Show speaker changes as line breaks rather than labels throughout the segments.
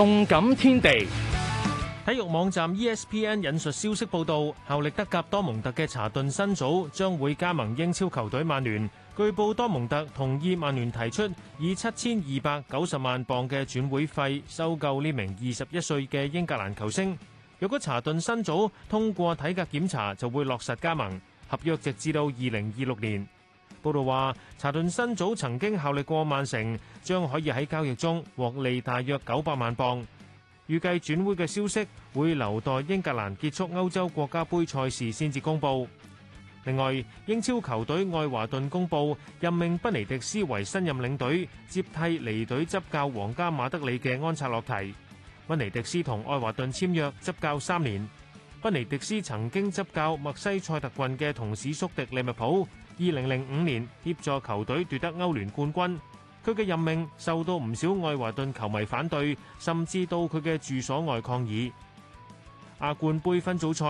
動感天地，體育網站 ESPN 引述消息報道，效力德甲多蒙特嘅查頓辛祖將會加盟英超球隊曼聯。據報多蒙特同意曼聯提出以七千二百九十萬鎊嘅轉會費收購呢名二十一歲嘅英格蘭球星。若果查頓辛祖通過體格檢查，就會落實加盟，合約直至到二零二六年。報道話，查頓辛祖曾經效力過曼城，將可以喺交易中獲利大約九百萬鎊。預計轉會嘅消息會留待英格蘭結束歐洲國家杯賽事先至公佈。另外，英超球隊愛華頓公佈任命賓尼迪斯為新任領隊，接替離隊執教皇家馬德里嘅安察洛提。賓尼迪斯同愛華頓簽約執教三年。賓尼迪，迪斯曾經執教墨西塞特郡嘅同事宿敵利物浦，二零零五年協助球隊奪得歐聯冠軍。佢嘅任命受到唔少愛華頓球迷反對，甚至到佢嘅住所外抗議。亞冠杯分組賽，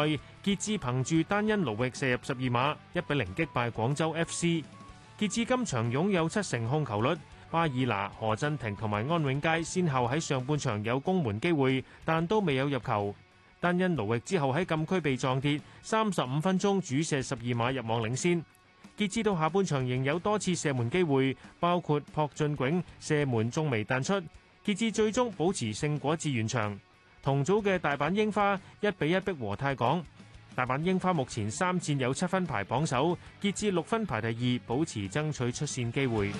傑志憑住單因奴域射入十二碼，一比零擊敗廣州 F.C。傑志今場擁有七成控球率，巴爾拿、何振廷同埋安永佳先後喺上半場有攻門機會，但都未有入球。但因勞役之後喺禁區被撞跌，三十五分鐘主射十二碼入網領先。濟州到下半場仍有多次射門機會，包括朴俊炯射門仲未彈出。濟州最終保持勝果至完場。同組嘅大阪櫻花一比一逼和泰港。大阪櫻花目前三戰有七分排榜首，濟州六分排第二，保持爭取出線機會。